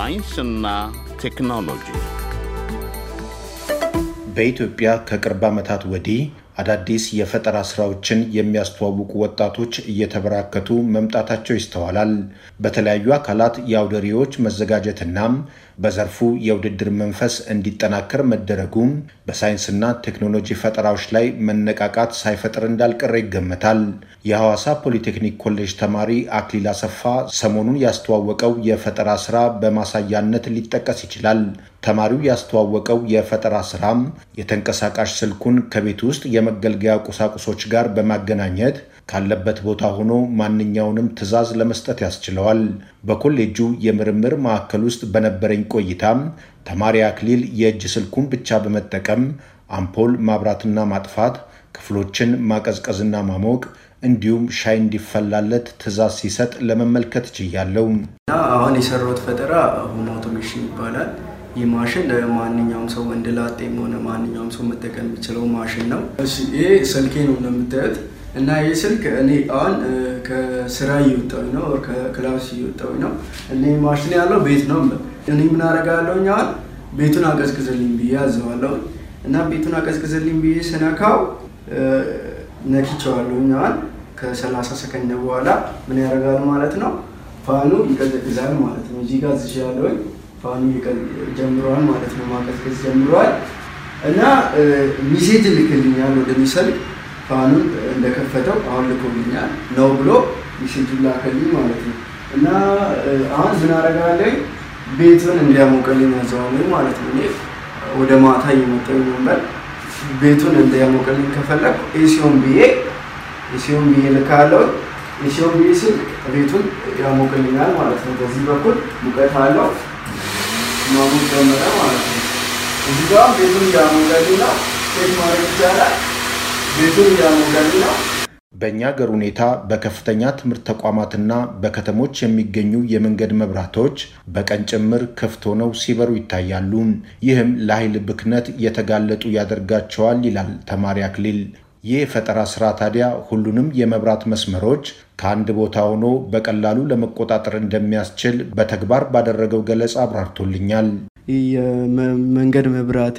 ሳይንስና ቴክኖሎጂ በኢትዮጵያ ከቅርብ ዓመታት ወዲህ አዳዲስ የፈጠራ ስራዎችን የሚያስተዋውቁ ወጣቶች እየተበራከቱ መምጣታቸው ይስተዋላል። በተለያዩ አካላት የአውደ ርዕዮች መዘጋጀትና በዘርፉ የውድድር መንፈስ እንዲጠናከር መደረጉን በሳይንስና ቴክኖሎጂ ፈጠራዎች ላይ መነቃቃት ሳይፈጥር እንዳልቀረ ይገመታል። የሐዋሳ ፖሊቴክኒክ ኮሌጅ ተማሪ አክሊል አሰፋ ሰሞኑን ያስተዋወቀው የፈጠራ ስራ በማሳያነት ሊጠቀስ ይችላል። ተማሪው ያስተዋወቀው የፈጠራ ስራም የተንቀሳቃሽ ስልኩን ከቤት ውስጥ የመገልገያ ቁሳቁሶች ጋር በማገናኘት ካለበት ቦታ ሆኖ ማንኛውንም ትዕዛዝ ለመስጠት ያስችለዋል። በኮሌጁ የምርምር ማዕከል ውስጥ በነበረኝ ቆይታም ተማሪ አክሊል የእጅ ስልኩን ብቻ በመጠቀም አምፖል ማብራትና ማጥፋት፣ ክፍሎችን ማቀዝቀዝና ማሞቅ እንዲሁም ሻይ እንዲፈላለት ትዕዛዝ ሲሰጥ ለመመልከት ችያለው። እና አሁን የሰራሁት ፈጠራ ሆም አውቶሜሽን ይባላል። ይህ ማሽን ማንኛውም ሰው ወንድ ላጤም ሆነ ማንኛውም ሰው መጠቀም የሚችለው ማሽን ነው። ይሄ ስልኬ ነው እንደምታዩት እና ይህ ስልክ እኔ አሁን ከስራ እየወጣሁኝ ነው፣ ከክላስ እየወጣሁኝ ነው። እኔ ማሽን ያለው ቤት ነው። እኔ ምን አደርጋለሁኝ አሁን ቤቱን አቀዝቅዝልኝ ብዬ አዘዋለሁ እና ቤቱን አቀዝቅዝልኝ ብዬ ስነካው ነክቼዋለሁኝ። አሁን ከሰላሳ ሰከንድ በኋላ ምን ያደርጋል ማለት ነው ፋኑ ይቀዘቅዛል ማለት ነው። እዚህ ጋር ዝሻለሁኝ ፋኑ ጀምሯል ማለት ነው፣ ማቀዝቀዝ ጀምሯል። እና ሚሴጅ ልክልኛል ወደ ሚሰልክ ፋኑን እንደከፈተው አሁን ልኮልኛል ነው ብሎ ሚሴጁን ላከልኝ ማለት ነው። እና አሁን ዝናረጋለኝ ቤቱን እንዲያሞቀልኝ ያዘዋለኝ ማለት ነው። እኔ ወደ ማታ እየመጣሁ ነበር። ቤቱን እንዲያሞቀልኝ ከፈለግ ኤሲዮን ብዬ ኤሲዮን ብዬ ልካለው። ኤሲዮን ብዬ ስል ቤቱን ያሞቅልኛል ማለት ነው። በዚህ በኩል ሙቀት አለው ማሞቅ ጀመረ ማለት ነው። እዚህ ጋር ቤቱን እያሞቀልኝ ነው። ሴት ማድረግ ይቻላል ቤቱን ያሞጋልና በእኛ ሀገር ሁኔታ በከፍተኛ ትምህርት ተቋማትና በከተሞች የሚገኙ የመንገድ መብራቶች በቀን ጭምር ክፍት ሆነው ሲበሩ ይታያሉ። ይህም ለኃይል ብክነት የተጋለጡ ያደርጋቸዋል ይላል ተማሪ አክሊል። ይህ የፈጠራ ስራ ታዲያ ሁሉንም የመብራት መስመሮች ከአንድ ቦታ ሆኖ በቀላሉ ለመቆጣጠር እንደሚያስችል በተግባር ባደረገው ገለጻ አብራርቶልኛል። የመንገድ መብራት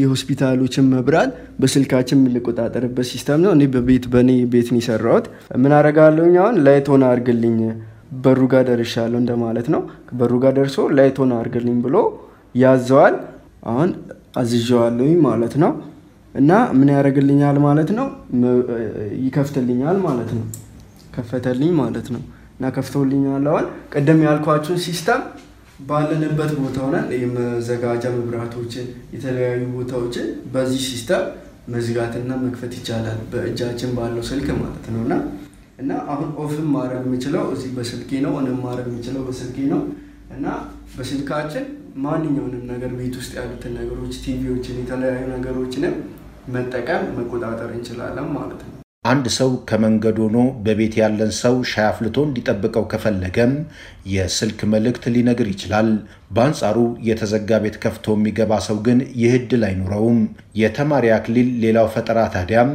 የሆስፒታሎችን መብራት በስልካችን የምንቆጣጠርበት ሲስተም ነው። እኔ በቤት በእኔ ቤት ነው የሰራሁት። ምን አረጋለሁኝ? አሁን ላይት ኦን አድርግልኝ በሩ ጋር ደርሻለሁ እንደማለት ነው። በሩ ጋር ደርሶ ላይት ኦን ብሎ ያዘዋል። አሁን አዝዣዋለሁኝ ማለት ነው። እና ምን ያደርግልኛል ማለት ነው፣ ይከፍትልኛል ማለት ነው። ከፈተልኝ ማለት ነው። እና ከፍቶልኛል። አሁን ቅድም ያልኳችሁን ሲስተም ባለንበት ቦታ ሆነን የመዘጋጃ መብራቶችን የተለያዩ ቦታዎችን በዚህ ሲስተም መዝጋትና መክፈት ይቻላል፣ በእጃችን ባለው ስልክ ማለት ነው እና እና አሁን ኦፍን ማድረግ የምችለው እዚህ በስልኬ ነው፣ ኦንም ማድረግ የምችለው በስልኬ ነው እና በስልካችን ማንኛውንም ነገር ቤት ውስጥ ያሉትን ነገሮች ቲቪዎችን፣ የተለያዩ ነገሮችንም መጠቀም መቆጣጠር እንችላለን ማለት ነው። አንድ ሰው ከመንገድ ሆኖ በቤት ያለን ሰው ሻይ አፍልቶ እንዲጠብቀው ከፈለገም የስልክ መልእክት ሊነግር ይችላል። በአንጻሩ የተዘጋ ቤት ከፍቶ የሚገባ ሰው ግን ይህ ዕድል አይኖረውም። የተማሪ አክሊል ሌላው ፈጠራ ታዲያም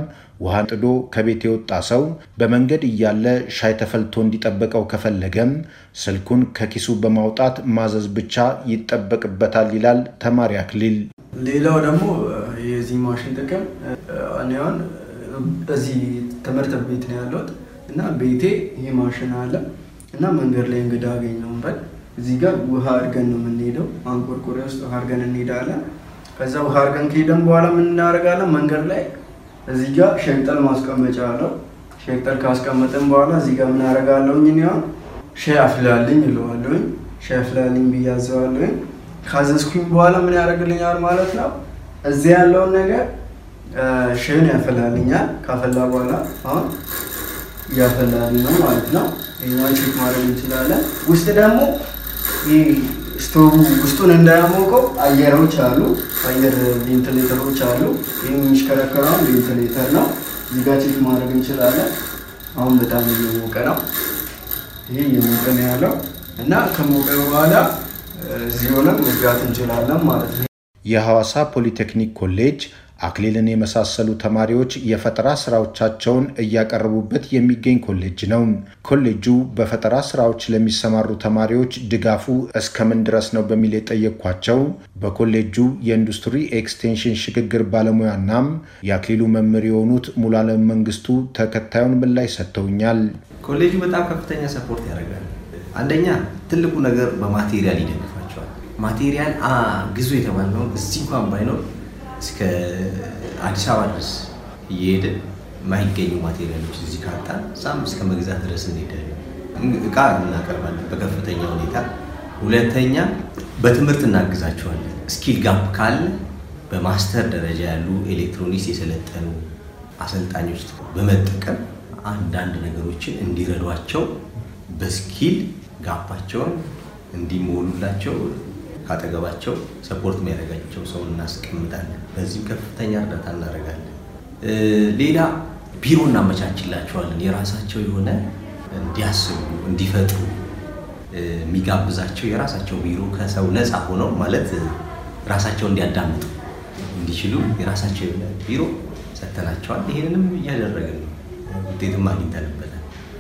ውሃን ጥዶ ከቤት የወጣ ሰው በመንገድ እያለ ሻይ ተፈልቶ እንዲጠበቀው ከፈለገም ስልኩን ከኪሱ በማውጣት ማዘዝ ብቻ ይጠበቅበታል ይላል ተማሪ አክሊል። ሌላው ደግሞ የዚህ ማሽን ጥቅም እዚህ ትምህርት ቤት ነው ያለሁት እና ቤቴ ይህ ማሽን አለ እና መንገድ ላይ እንግዳ አገኘውን በል እዚህ ጋር ውሃ አድርገን ነው የምንሄደው። አንቆርቆሪያ ውስጥ ውሃ አድርገን እንሄዳለን። ከዛ ውሃ አድርገን ከሄደን በኋላ ምን እናደርጋለን? መንገድ ላይ እዚህ ጋር ሸቅጠል ማስቀመጫ አለው። ሸቅጠል ካስቀመጠን በኋላ እዚህ ጋር ምን አደርጋለሁኝ? እኔ አሁን ሻይ አፍላልኝ እለዋለሁኝ። ሻይ አፍላልኝ ብዬ አዘዋለሁኝ። ካዘዝኩኝ በኋላ ምን ያደርግልኛል ማለት ነው እዚህ ያለውን ነገር ሽን ያፈላልኛል። ካፈላ በኋላ አሁን እያፈላል ነው ማለት ነው። ይህኛውን ቼክ ማድረግ እንችላለን። ውስጥ ደግሞ ስቶቡ ውስጡን እንዳያሞቀው አየሮች አሉ፣ አየር ቬንትሌተሮች አሉ። ይህም የሚሽከረከረውን ቬንትሌተር ነው። እዚህ ጋ ቼክ ማድረግ እንችላለን። አሁን በጣም እየሞቀ ነው። ይህ እየሞቀ ነው ያለው እና ከሞቀ በኋላ እዚሁንም መዝጋት እንችላለን ማለት ነው። የሐዋሳ ፖሊቴክኒክ ኮሌጅ አክሊልን የመሳሰሉ ተማሪዎች የፈጠራ ስራዎቻቸውን እያቀረቡበት የሚገኝ ኮሌጅ ነው። ኮሌጁ በፈጠራ ስራዎች ለሚሰማሩ ተማሪዎች ድጋፉ እስከምን ድረስ ነው በሚል የጠየቅኳቸው በኮሌጁ የኢንዱስትሪ ኤክስቴንሽን ሽግግር ባለሙያናም የአክሊሉ መምህር የሆኑት ሙሉዓለም መንግስቱ ተከታዩን ምላሽ ሰጥተውኛል። ኮሌጁ በጣም ከፍተኛ ሰፖርት ያደርጋል። አንደኛ ትልቁ ነገር በማቴሪያል ይደግፋቸዋል። ማቴሪያል ግዙ የተባልነው እዚህ እንኳን ባይኖር እስከ አዲስ አበባ ድረስ እየሄደ የማይገኙ ማቴሪያሎች እዚህ ካጣን እዛም እስከ መግዛት ድረስ እንሄዳለን። እቃ እናቀርባለን በከፍተኛ ሁኔታ። ሁለተኛ በትምህርት እናግዛቸዋለን። ስኪል ጋፕ ካለ በማስተር ደረጃ ያሉ ኤሌክትሮኒክስ የሰለጠኑ አሰልጣኞች በመጠቀም አንዳንድ ነገሮችን እንዲረዷቸው በስኪል ጋፓቸውን እንዲሞሉላቸው ካጠገባቸው ሰፖርት የሚያደርጋቸው ሰው እናስቀምጣለን። በዚህም ከፍተኛ እርዳታ እናደርጋለን። ሌላ ቢሮ እናመቻችላቸዋለን። የራሳቸው የሆነ እንዲያስቡ እንዲፈጥሩ የሚጋብዛቸው የራሳቸው ቢሮ ከሰው ነፃ ሆነው ማለት ራሳቸው እንዲያዳምጡ እንዲችሉ የራሳቸው የሆነ ቢሮ ሰጥተናቸዋል። ይህንንም እያደረግን ነው፣ ውጤትም አግኝተንበታል።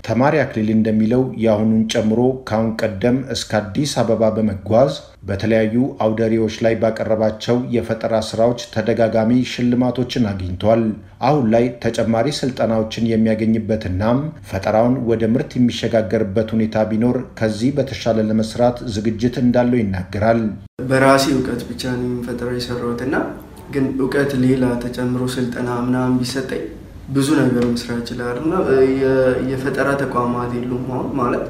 ተማሪ አክሊል እንደሚለው የአሁኑን ጨምሮ ከአሁን ቀደም እስከ አዲስ አበባ በመጓዝ በተለያዩ አውደሬዎች ላይ ባቀረባቸው የፈጠራ ስራዎች ተደጋጋሚ ሽልማቶችን አግኝቷል። አሁን ላይ ተጨማሪ ስልጠናዎችን የሚያገኝበትናም ፈጠራውን ወደ ምርት የሚሸጋገርበት ሁኔታ ቢኖር ከዚህ በተሻለ ለመስራት ዝግጅት እንዳለው ይናገራል። በራሴ እውቀት ብቻ ነው ፈጠራ የሰራሁትና ግን እውቀት ሌላ ተጨምሮ ስልጠና ምናምን ቢሰጠኝ ብዙ ነገር መስራት ይችላል እና የፈጠራ ተቋማት የሉም አሁን ማለት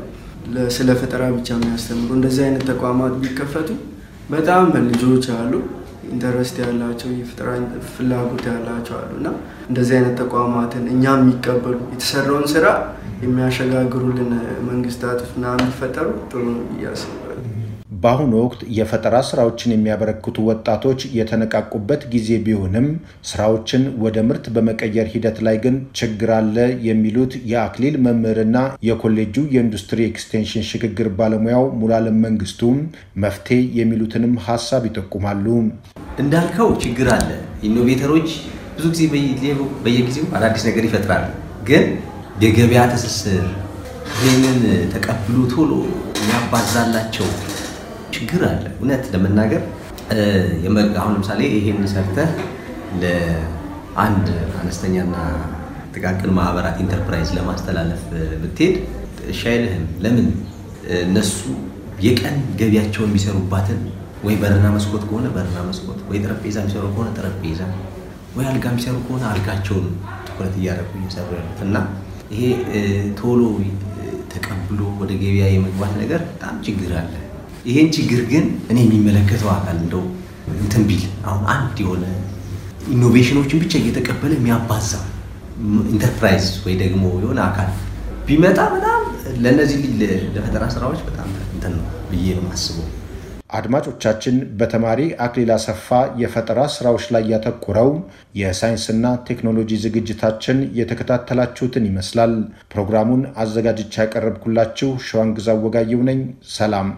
ስለ ፈጠራ ብቻ የሚያስተምሩ እንደዚህ አይነት ተቋማት ቢከፈቱ በጣም ልጆች አሉ ኢንተረስት ያላቸው የፈጠራ ፍላጎት ያላቸው አሉ እና እንደዚህ አይነት ተቋማትን እኛ የሚቀበሉ የተሰራውን ስራ የሚያሸጋግሩልን መንግስታቶች ምናምን ቢፈጠሩ ጥሩ እያስባል። በአሁኑ ወቅት የፈጠራ ስራዎችን የሚያበረክቱ ወጣቶች የተነቃቁበት ጊዜ ቢሆንም ስራዎችን ወደ ምርት በመቀየር ሂደት ላይ ግን ችግር አለ የሚሉት የአክሊል መምህርና የኮሌጁ የኢንዱስትሪ ኤክስቴንሽን ሽግግር ባለሙያው ሙላለም መንግስቱ መፍትሄ የሚሉትንም ሀሳብ ይጠቁማሉ። እንዳልከው ችግር አለ። ኢኖቬተሮች ብዙ ጊዜ በየጊዜው አዳዲስ ነገር ይፈጥራሉ። ግን የገበያ ትስስር ይህንን ተቀብሎ ቶሎ የሚያባዛላቸው ችግር አለ። እውነት ለመናገር አሁን ለምሳሌ ይሄን ሰርተህ ለአንድ አነስተኛና ጥቃቅን ማህበራት ኢንተርፕራይዝ ለማስተላለፍ ብትሄድ ሻይልህም ለምን? እነሱ የቀን ገቢያቸውን የሚሰሩባትን ወይ በርና መስኮት ከሆነ በርና መስኮት፣ ወይ ጠረጴዛ የሚሰሩ ከሆነ ጠረጴዛ፣ ወይ አልጋ የሚሰሩ ከሆነ አልጋቸውን ትኩረት እያደረጉ እየሰሩ ያሉት እና ይሄ ቶሎ ተቀብሎ ወደ ገበያ የመግባት ነገር በጣም ችግር አለ። ይሄን ችግር ግን እኔ የሚመለከተው አካል እንደው እንትን ቢል አሁን አንድ የሆነ ኢኖቬሽኖችን ብቻ እየተቀበለ የሚያባዛ ኢንተርፕራይዝ ወይ ደግሞ የሆነ አካል ቢመጣ በጣም ለእነዚህ ለፈጠራ ስራዎች በጣም እንትን ነው ብዬ ነው የማስበው። አድማጮቻችን በተማሪ አክሊል አሰፋ የፈጠራ ስራዎች ላይ ያተኮረው የሳይንስና ቴክኖሎጂ ዝግጅታችን የተከታተላችሁትን ይመስላል። ፕሮግራሙን አዘጋጅቻ ያቀረብኩላችሁ ሸዋንግዛ ወጋየው ነኝ። ሰላም።